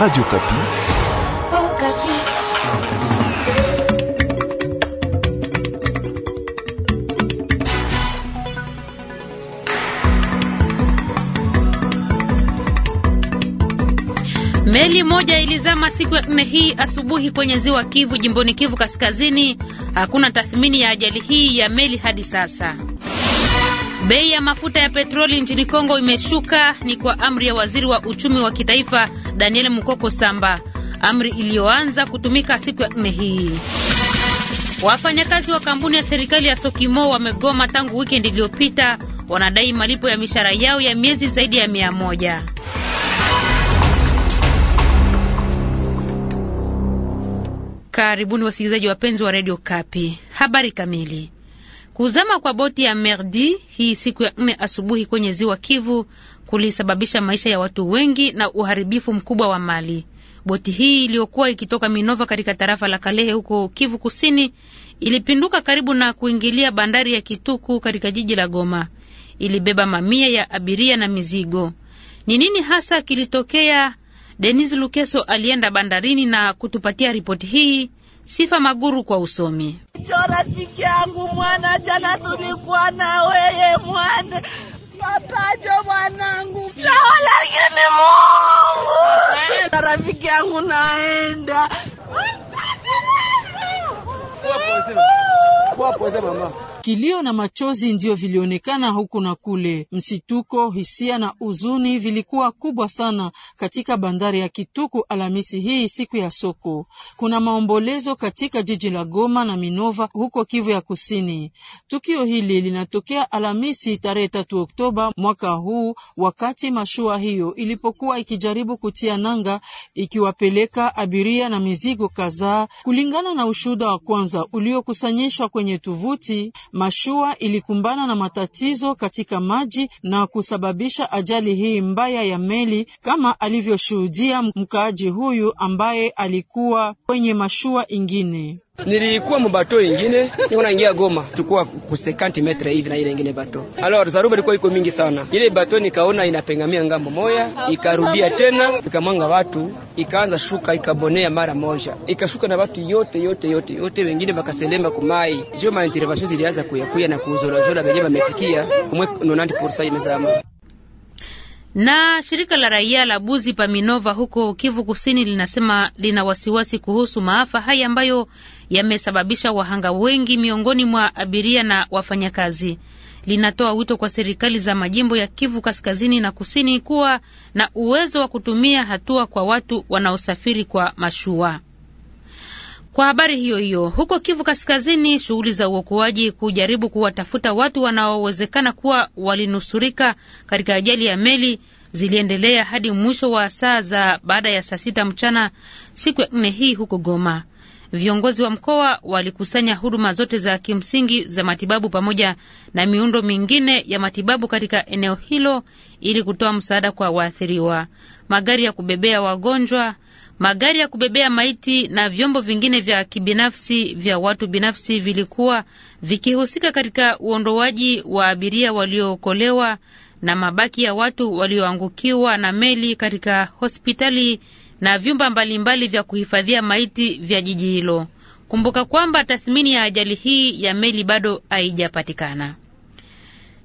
Radio Kapi. Oh, Kapi. Meli moja ilizama siku ya nne hii asubuhi kwenye ziwa Kivu jimboni Kivu Kaskazini. Hakuna tathmini ya ajali hii ya meli hadi sasa. Bei ya mafuta ya petroli nchini Kongo imeshuka ni kwa amri ya waziri wa uchumi wa kitaifa Daniel Mukoko Samba, amri iliyoanza kutumika siku ya nne hii. Wafanyakazi wa kampuni ya serikali ya Sokimo wamegoma tangu wikendi iliyopita, wanadai malipo ya mishahara yao ya miezi zaidi ya mia moja. Karibuni wasikilizaji wapenzi wa redio Kapi, habari kamili Kuzama kwa boti ya Merdi hii siku ya nne asubuhi kwenye ziwa Kivu kulisababisha maisha ya watu wengi na uharibifu mkubwa wa mali. Boti hii iliyokuwa ikitoka Minova katika tarafa la Kalehe huko Kivu Kusini ilipinduka karibu na kuingilia bandari ya Kituku katika jiji la Goma. Ilibeba mamia ya abiria na mizigo. Ni nini hasa kilitokea? Denis Lukeso alienda bandarini na kutupatia ripoti hii. Sifa Maguru kwa usomi. Jo, rafiki yangu mwana, jana tulikuwa na weye mwana papajo mwanangu aolakini Mungu rafiki yangu naenda Kilio na machozi ndiyo vilionekana huku na kule. Msituko, hisia na huzuni vilikuwa kubwa sana katika bandari ya Kituku Alhamisi hii, siku ya soko. Kuna maombolezo katika jiji la Goma na Minova huko Kivu ya Kusini. Tukio hili linatokea Alhamisi tarehe tatu Oktoba mwaka huu, wakati mashua hiyo ilipokuwa ikijaribu kutia nanga ikiwapeleka abiria na mizigo kadhaa, kulingana na ushuhuda wa kwanza uliokusanyishwa kwenye tuvuti mashua ilikumbana na matatizo katika maji na kusababisha ajali hii mbaya ya meli, kama alivyoshuhudia mkaaji huyu ambaye alikuwa kwenye mashua ingine. Nilikuwa mbato ingine niko naingia Goma, tukua ku 50 metre hivi na ile ingine bato. Alors zaruba ilikuwa iko mingi sana, ile bato nikaona inapengamia ngambo moya, ikarudia tena ikamwanga watu, ikaanza shuka, ikabonea mara moja, ikashuka na watu yote yote yote yote, wengine wakaselema kumai. Jo, ma intervention zilianza kuyakuya na kuzola zola, wenyewe wamefikia umwe 90% imezama na shirika la raia la Buzi Paminova huko Kivu Kusini linasema lina wasiwasi kuhusu maafa haya ambayo yamesababisha wahanga wengi miongoni mwa abiria na wafanyakazi. Linatoa wito kwa serikali za majimbo ya Kivu Kaskazini na Kusini kuwa na uwezo wa kutumia hatua kwa watu wanaosafiri kwa mashua. Kwa habari hiyo hiyo, huko Kivu Kaskazini, shughuli za uokoaji kujaribu kuwatafuta watu wanaowezekana kuwa walinusurika katika ajali ya meli ziliendelea hadi mwisho wa saa za baada ya saa sita mchana siku ya nne hii huko Goma. Viongozi wa mkoa walikusanya huduma zote za kimsingi za matibabu pamoja na miundo mingine ya matibabu katika eneo hilo ili kutoa msaada kwa waathiriwa. Magari ya kubebea wagonjwa, magari ya kubebea maiti na vyombo vingine vya kibinafsi vya watu binafsi vilikuwa vikihusika katika uondoaji wa abiria waliookolewa na mabaki ya watu walioangukiwa na meli katika hospitali na vyumba mbalimbali vya kuhifadhia maiti vya jiji hilo. Kumbuka kwamba tathmini ya ajali hii ya meli bado haijapatikana.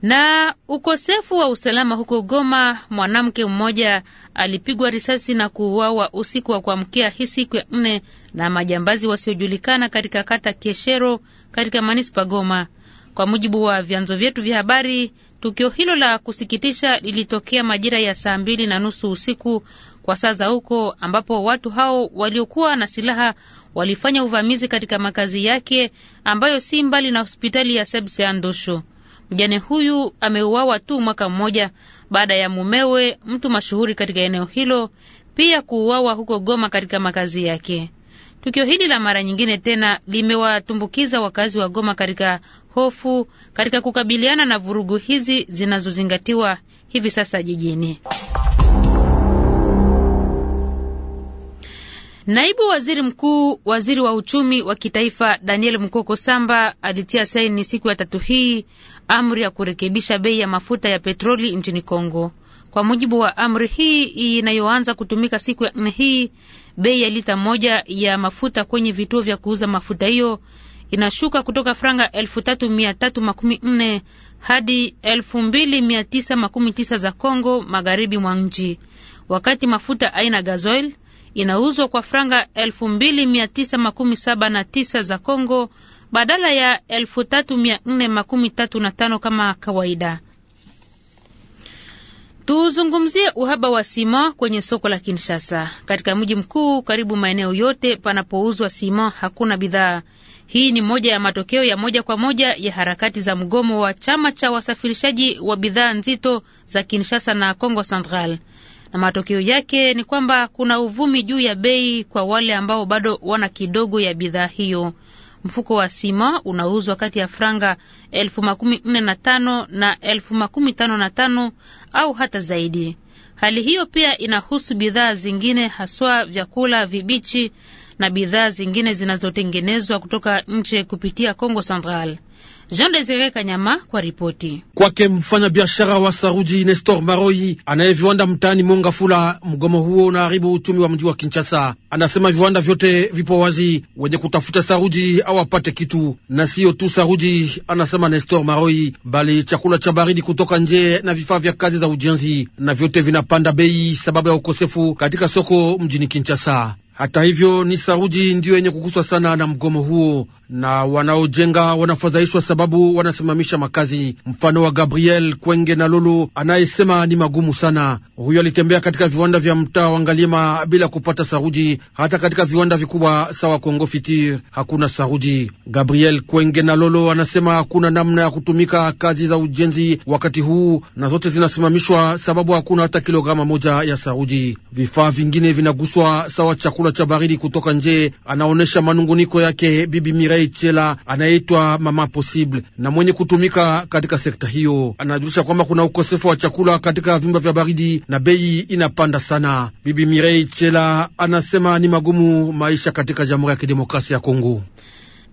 Na ukosefu wa usalama huko Goma, mwanamke mmoja alipigwa risasi na kuuawa usiku wa kuamkia hii siku ya nne na majambazi wasiojulikana katika kata Kieshero katika manispa Goma. Kwa mujibu wa vyanzo vyetu vya habari, tukio hilo la kusikitisha lilitokea majira ya saa mbili na nusu usiku kwa saa za huko, ambapo watu hao waliokuwa na silaha walifanya uvamizi katika makazi yake ambayo si mbali na hospitali ya Sebse Andosho. Mjane huyu ameuawa tu mwaka mmoja baada ya mumewe, mtu mashuhuri katika eneo hilo, pia kuuawa huko Goma katika makazi yake. Tukio hili la mara nyingine tena limewatumbukiza wakazi wa Goma katika hofu katika kukabiliana na vurugu hizi zinazozingatiwa hivi sasa jijini. Naibu waziri mkuu, waziri wa uchumi wa kitaifa Daniel Mkoko Samba alitia saini siku ya tatu hii amri ya kurekebisha bei ya mafuta ya petroli nchini Kongo. Kwa mujibu wa amri hii inayoanza kutumika siku ya nne hii, bei ya lita moja ya mafuta kwenye vituo vya kuuza mafuta hiyo inashuka kutoka franga elfu tatu mia tatu makumi nne hadi elfu mbili mia tisa makumi tisa za Kongo magharibi mwa nchi, wakati mafuta aina gazoil inauzwa kwa franga 2979 za Congo badala ya 3435 kama kawaida. Tuzungumzie uhaba wa sima kwenye soko la Kinshasa. Katika mji mkuu, karibu maeneo yote panapouzwa sima hakuna bidhaa. Hii ni moja ya matokeo ya moja kwa moja ya harakati za mgomo wa chama cha wasafirishaji wa bidhaa nzito za Kinshasa na congo Central na matokeo yake ni kwamba kuna uvumi juu ya bei kwa wale ambao bado wana kidogo ya bidhaa hiyo. Mfuko wa sima unauzwa kati ya franga elfu makumi nne na tano na elfu makumi tano na tano au hata zaidi. Hali hiyo pia inahusu bidhaa zingine, haswa vyakula vibichi na bidhaa zingine zinazotengenezwa kutoka nje kupitia congo Central. Jean Desire Kanyama kwa ripoti kwake. Mfanya biashara wa saruji Nestor Maroi anaye viwanda mtaani Mongafula, mgomo huo unaharibu uchumi wa mji wa Kinshasa. Anasema viwanda vyote vipo wazi, wenye kutafuta saruji au apate kitu, na siyo tu saruji, anasema Nestor Maroi, bali chakula cha baridi kutoka nje na vifaa vya kazi za ujenzi, na vyote vinapanda bei sababu ya ukosefu katika soko mjini Kinshasa. Hata hivyo ni saruji ndiyo yenye kukuswa sana na mgomo huo na wanaojenga wanafadhaishwa sababu wanasimamisha makazi, mfano wa Gabriel Kwenge na Lulu anayesema ni magumu sana. Huyo alitembea katika viwanda vya mtaa wa Ngalima bila kupata saruji, hata katika viwanda vikubwa sawa Kongo Fitir hakuna saruji. Gabriel Kwenge na Lolo anasema hakuna namna ya kutumika kazi za ujenzi wakati huu, na zote zinasimamishwa sababu hakuna hata kilograma moja ya saruji. Vifaa vingine vinaguswa sawa chakula cha baridi kutoka nje. Anaonyesha manunguniko yake Bibi Mire Abdulahi Chela anayeitwa Mama Possible na mwenye kutumika katika sekta hiyo, anajulisha kwamba kuna ukosefu wa chakula katika vyumba vya baridi na bei inapanda sana. Bibi Mirei Chela anasema ni magumu maisha katika Jamhuri ya Kidemokrasia ya Kongo.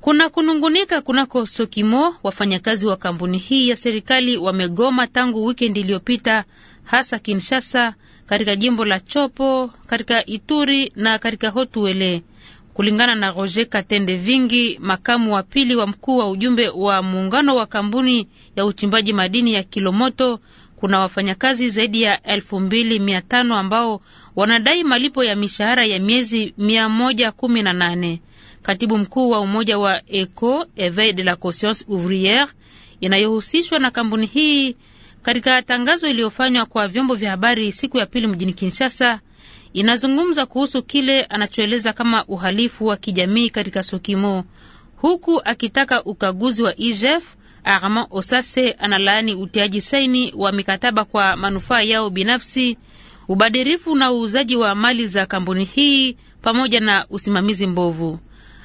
Kuna kunungunika kunako Sokimo. Wafanyakazi wa kampuni hii ya serikali wamegoma tangu wikendi iliyopita, hasa Kinshasa, katika jimbo la Chopo, katika Ituri na katika Hotuele. Kulingana na Roger Katende Vingi, makamu wa pili wa mkuu wa ujumbe wa muungano wa kampuni ya uchimbaji madini ya Kilomoto, kuna wafanyakazi zaidi ya elfu mbili mia tano ambao wanadai malipo ya mishahara ya miezi mia moja kumi na nane. Katibu mkuu wa umoja wa ECO, Eveil de la Conscience Ouvriere, inayohusishwa na kampuni hii, katika tangazo iliyofanywa kwa vyombo vya habari siku ya pili mjini Kinshasa inazungumza kuhusu kile anachoeleza kama uhalifu wa kijamii katika Sokimo, huku akitaka ukaguzi wa IGF. Armand Osase analaani utiaji saini wa mikataba kwa manufaa yao binafsi, ubadhirifu na uuzaji wa mali za kampuni hii pamoja na usimamizi mbovu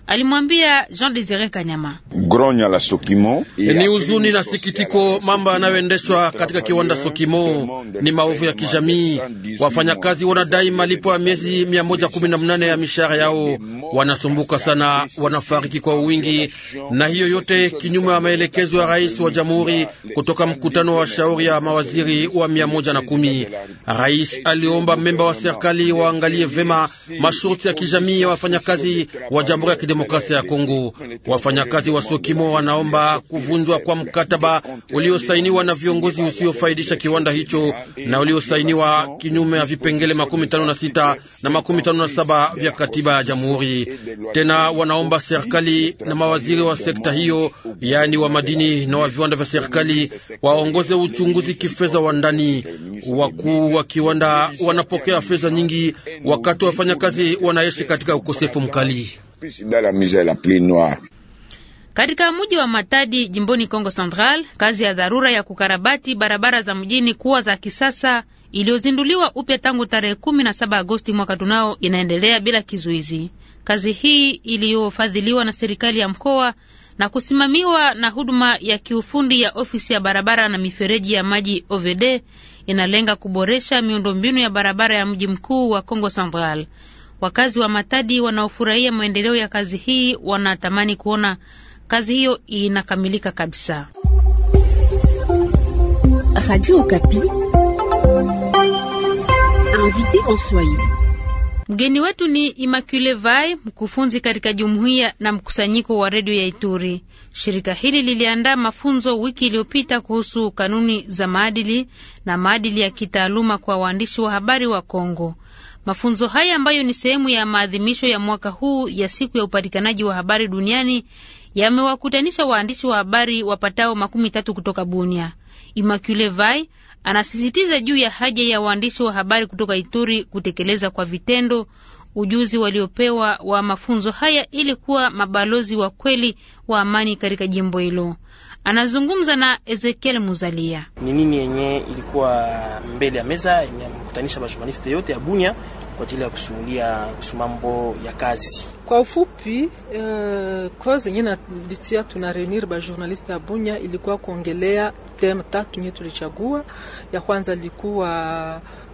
alimwambia Jean Desire Kanyama. Gronya la Sokimo eh, ni huzuni na sikitiko, mambo yanayoendeshwa katika kiwanda Sokimo ni maovu ya kijamii. Wafanyakazi wanadai malipo ya miezi mia moja ya mishahara yao, wanasumbuka sana, wanafariki kwa wingi, na hiyo yote kinyume ya maelekezo ya rais wa jamhuri kutoka mkutano wa shauri ya mawaziri wa mia moja na kumi. Rais aliomba memba wa serikali waangalie vema masharti ya kijamii ya wafanyakazi wa jamhuri ya Kidemokrasia ya Kongo. Wafanyakazi wa sokimo wanaomba kuvunjwa kwa mkataba uliosainiwa na viongozi usiofaidisha kiwanda hicho na uliosainiwa kinyume ya vipengele makumi tano na sita na makumi tano na saba vya katiba ya jamhuri. Tena wanaomba serikali na mawaziri wa sekta hiyo, yaani wa madini na wa viwanda vya serikali, waongoze uchunguzi kifedha wa ndani. Wakuu wa kiwanda wanapokea fedha nyingi, wakati wafanyakazi wanaishi katika ukosefu mkali. Katika mji wa Matadi jimboni Kongo Central, kazi ya dharura ya kukarabati barabara za mjini kuwa za kisasa iliyozinduliwa upya tangu tarehe 17 Agosti mwaka tunao inaendelea bila kizuizi. Kazi hii iliyofadhiliwa na serikali ya mkoa na kusimamiwa na huduma ya kiufundi ya ofisi ya barabara na mifereji ya maji OVD inalenga kuboresha miundombinu ya barabara ya mji mkuu wa Kongo Central. Wakazi wa Matadi wanaofurahia maendeleo ya kazi hii wanatamani kuona kazi hiyo inakamilika kabisa. Mgeni wetu ni Imacule Vai, mkufunzi katika jumuiya na mkusanyiko wa redio ya Ituri. Shirika hili liliandaa mafunzo wiki iliyopita kuhusu kanuni za maadili na maadili ya kitaaluma kwa waandishi wa habari wa Kongo. Mafunzo haya ambayo ni sehemu ya maadhimisho ya mwaka huu ya siku ya upatikanaji wa habari duniani yamewakutanisha waandishi wa habari wapatao makumi tatu kutoka Bunia. Imacule Vai anasisitiza juu ya haja ya waandishi wa habari kutoka Ituri kutekeleza kwa vitendo ujuzi waliopewa wa mafunzo haya ili kuwa mabalozi wa kweli wa amani katika jimbo hilo. Anazungumza na Ezekiel Muzalia. Ni nini yenye ilikuwa mbele ya meza yenye kukutanisha bajurnaliste yote ya Bunia kwa ajili ya kusimulia kuhusu mambo ya kazi kwa ufupi uh, kwa zenye nalitia tuna reunir ba journaliste ya Bunya ilikuwa kuongelea tema tatu nye tulichagua. Ya kwanza ilikuwa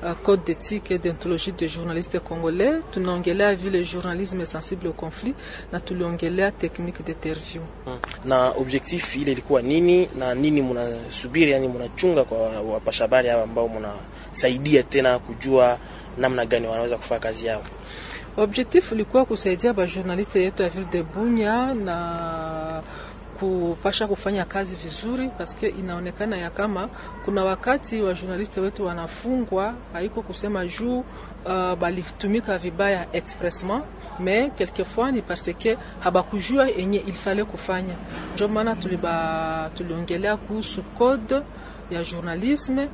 uh, code d'éthique et déontologie des journalistes congolais. Tunaongelea vile journalisme sensible au conflit na tuliongelea technique d'interview. Hmm. Na objectif ile ilikuwa nini na nini mnasubiri, yani mnachunga kwa wapashabari hawa ambao mnasaidia tena kujua namna gani wanaweza kufanya kazi yao? Objectif ulikuwa kusaidia bajournaliste yetu ya Ville de Bunya na kupasha kufanya kazi vizuri, paske inaonekana ya kama kuna wakati wa journaliste wetu wanafungwa, haiko kusema juu uh, balitumika vibaya expressement, mais quelquefois ni parce que habakujua enye ilifale kufanya. Ndio maana tuliongelea kuhusu code ya journalisme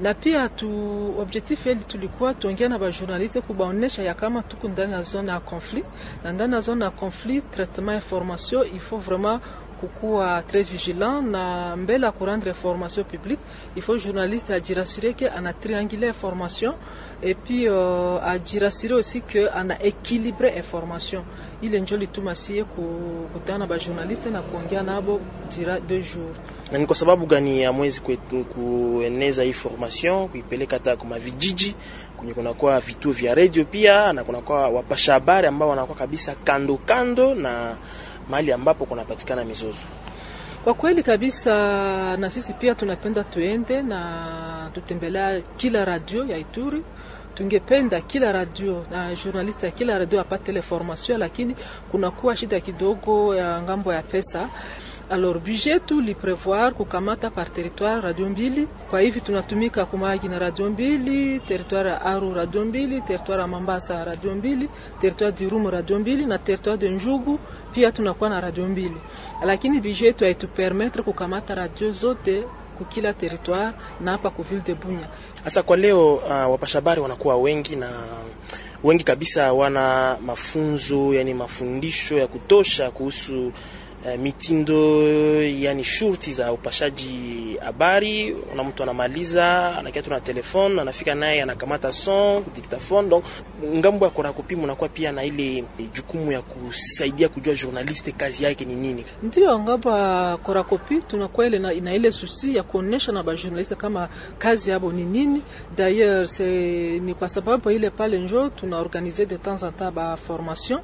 na pia tu objectif yetu tulikuwa tuongea na bajournaliste kubaonesha ya kama tuko ndani zone de conflit, Dans la zone de conflit traitement information il faut vraiment kukuwa tres vigilant na mbele ya kurendre information publique, il faut journaliste ajirassurie ke ana triangule information et puis uh, ajirassurie aussi ke ana équilibre information. Ile njo lituma sie kukutana na bajournaliste na kuongea nabo dira deux jours. Na ni kwa sababu gani ya mwezi kwetu kueneza hii formation kuipeleka hata kwa vijiji kwenye kunakuwa vituo vya radio pia na kunakuwa wapasha habari ambao wanakuwa kabisa kando kando na mahali ambapo kunapatikana mizozo. Kwa kweli kabisa, na sisi pia tunapenda tuende na tutembelea kila radio ya Ituri. Tungependa kila radio na journaliste ya kila radio apate le formation, lakini kunakuwa shida kidogo ya ngambo ya pesa alor budget yetu liprevoir kukamata par territoire radio mbili. Kwa hivi tunatumika Kumahagi na radio mbili, territoire ya Aru radio mbili, territoire ya Mambasa radio mbili, territoire ya Irumu radio mbili na territoire de Njugu pia tunakuwa na radio mbili, lakini budget tu yetu haitupermetre kukamata radio zote kukila territoire na hapa ku ville de Bunya. Sasa kwa leo uh, wapashabari wanakuwa wengi na wengi kabisa wana mafunzo yani mafundisho ya kutosha kuhusu Eh, mitindo yani shurti za upashaji habari. Una mtu anamaliza anakiatu na telefone, anafika naye anakamata son diktafone. Donc ngambo ya kora kupima unakuwa pia na ile eh, jukumu ya kusaidia kujua journaliste kazi yake ni nini. Ndio ngapa kora kopi tunakuwa ile na, ile susi ya kuonesha na ba kama kazi yabo ni nini. D'ailleurs c'est ni kwa sababu ile pale njo tuna organiser de temps en temps ba formation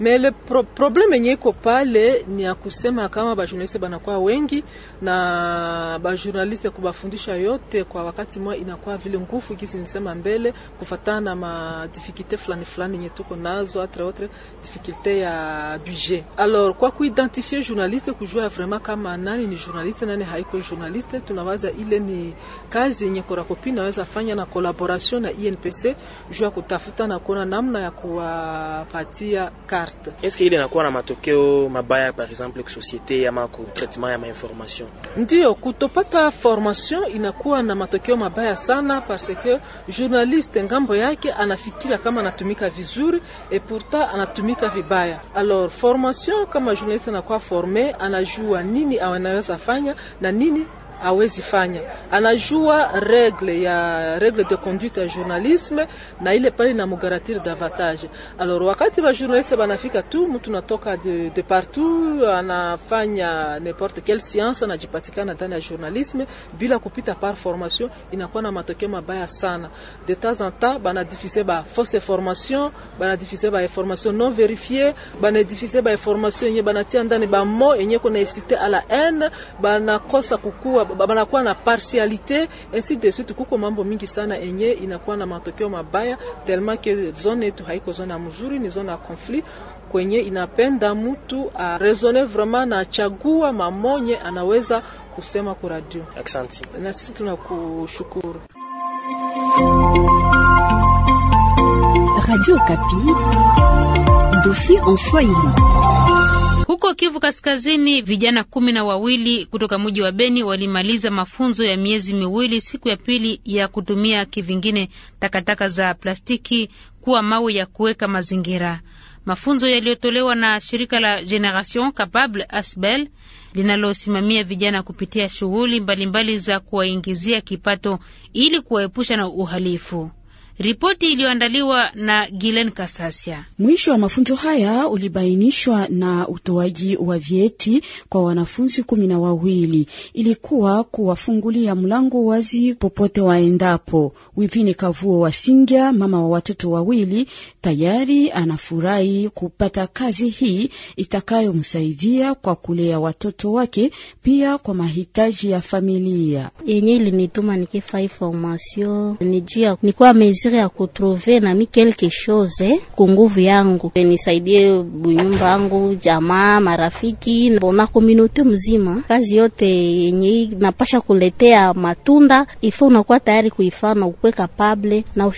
mais le pro, problème yenye iko pale ni kusema kama bajurnaliste banakuwa wengi na bajurnaliste kubafundisha yote kwa wakati mwa inakuwa vile nguvu kizi nisema mbele kufatana na madifikilte fulani fulani yenye tuko nazo atre autre difikilte ya budget. Alors kwa kuidentifie journaliste kujua vraiment kama nani ni journaliste nani haiko journaliste, tunawaza ile ni kazi yenye Korakopi naweza fanya na collaboration na INPC juu kutafuta na kuona namna ya kuwapatia karte. Eske ile inakuwa na matokeo mabaya par exemple exemple society ama treatment ya mainformation. Ndiyo, kutopata formation inakuwa na matokeo mabaya sana, parce que journaliste ngambo yake anafikira kama anatumika vizuri et pourtant anatumika vibaya. Alors formation, kama journaliste anakuwa forme, anajua nini anaweza fanya na nini awezi fanya, anajua regle ya regle de conduite ya journalisme na ile pale na mugaratiri davantage. Alors wakati ba journaliste banafika tu, mtu natoka de, de partout anafanya n'importe quelle science, anajipatikana ndani ya journalisme bila kupita par formation, inakuwa na matokeo mabaya sana. De temps en temps banadifuse ba fausse information, banadifuse ba information non verifiée, banadifuse ba information yenye banatia ndani ba mot yenye kuna incite à la haine, banakosa kukua banakuwa na partialité ainsi de suite. Kuko mambo mingi sana enye inakuwa na matokeo mabaya telma ke zone yetu haiko zone ya mzuri, ni zone ya conflit kwenye inapenda mtu arezone vraiment na chagua mamonye anaweza kusema ku radio. Asante na sisi tunakushukuru. Radio Kapi, dossier en Swahili. Huko Kivu Kaskazini, vijana kumi na wawili kutoka mji wa Beni walimaliza mafunzo ya miezi miwili siku ya pili ya kutumia kivingine takataka za plastiki kuwa mawe ya kuweka mazingira. Mafunzo yaliyotolewa na shirika la Generation Capable Asbel linalosimamia vijana kupitia shughuli mbalimbali za kuwaingizia kipato ili kuwaepusha na uhalifu. Ripoti iliyoandaliwa na Gilen Kasasia. Mwisho wa mafunzo haya ulibainishwa na utoaji wa vyeti kwa wanafunzi kumi na wawili, ilikuwa kuwafungulia mlango wazi popote waendapo. Wivine Kavuo wa Singya, mama wa watoto wawili, tayari anafurahi kupata kazi hii itakayomsaidia kwa kulea watoto wake, pia kwa mahitaji ya familia yenye ilinituma nikifaa informasio nikuwa mezi desire ya kutrouver na mi quelque chose ku nguvu yangu nisaidie bunyumba yangu, jamaa, marafiki na komunote mzima. Kazi yote yenye napasha kuletea matunda ifo unakuwa tayari kuifana, ukwe kapable na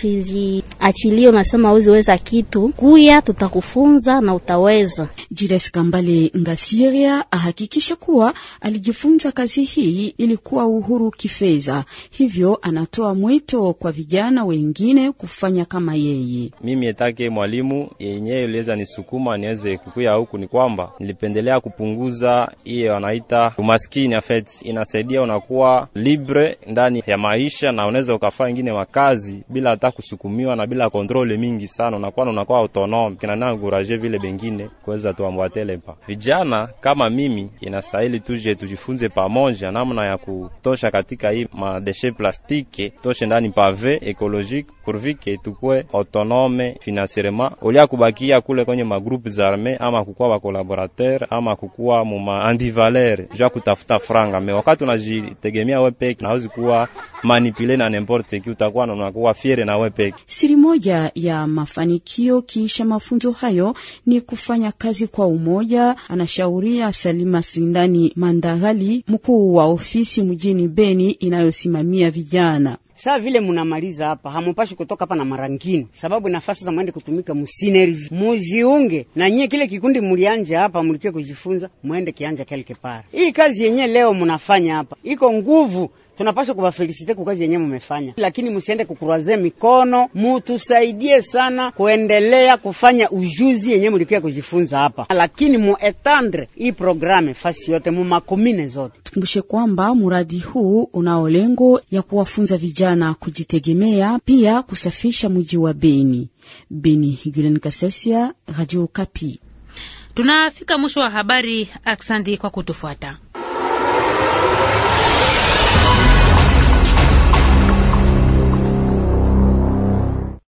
achilio, unasema uziweza kitu kuya, tutakufunza na utaweza. Jiles Kambale Ngasiria ahakikisha kuwa alijifunza kazi hii ilikuwa uhuru kifedha, hivyo anatoa mwito kwa vijana wengine wengine kufanya kama yeye. Mimi etake mwalimu yenyewe iliweza nisukuma niweze kukuya huku ni kwamba nilipendelea kupunguza iye wanaita umaskini. Afet inasaidia unakuwa libre ndani ya maisha, na unaweza ukafaa ingine makazi bila hata kusukumiwa na bila kontrole mingi sana, unakuwa unakuwa autonome kinanankuraje vile bengine kuweza tuambwatelepa vijana kama mimi, inastahili tuje tujifunze pamoja namna ya kutosha katika hii madeshe plastike toshe ndani pave ekolojiki kurvike tukue autonome finansirema olia kubakia kule kwenye magroupe za arme ama kukuwa bakolaborateur ama kukuwa muma andivaler jua kutafuta franga. Me wakati unajitegemea wewe peke kuwa manipule na n'importe ki utakuwa na unakuwa fiere na wewe Siri moja ya mafanikio kiisha mafunzo hayo ni kufanya kazi kwa umoja, anashauria Salima Sindani Mandagali, mkuu wa ofisi mjini Beni inayosimamia vijana saa vile munamaliza hapa, hamupashi kutoka hapa na marangini, sababu nafasi za mwende kutumika musineri, mujiunge na nyie kile kikundi mulianja hapa, mulikie kujifunza, mwende kianja kelke para. Hii kazi yenye leo munafanya hapa iko nguvu tunapasha kuwafelisite kukazi yenye mumefanya, lakini musiende kukurwaze mikono, mutusaidie sana kuendelea kufanya ujuzi yenye mulikuya kujifunza hapa, lakini muetandre hii programe fasi yote mumakomine zote. Tukumbushe kwamba muradi huu unao lengo ya kuwafunza vijana kujitegemea, pia kusafisha mji wa Beni. Beni, Gulen Kasesia, Radio Kapi. Tunafika mwisho wa habari. Aksandi kwa kutufuata.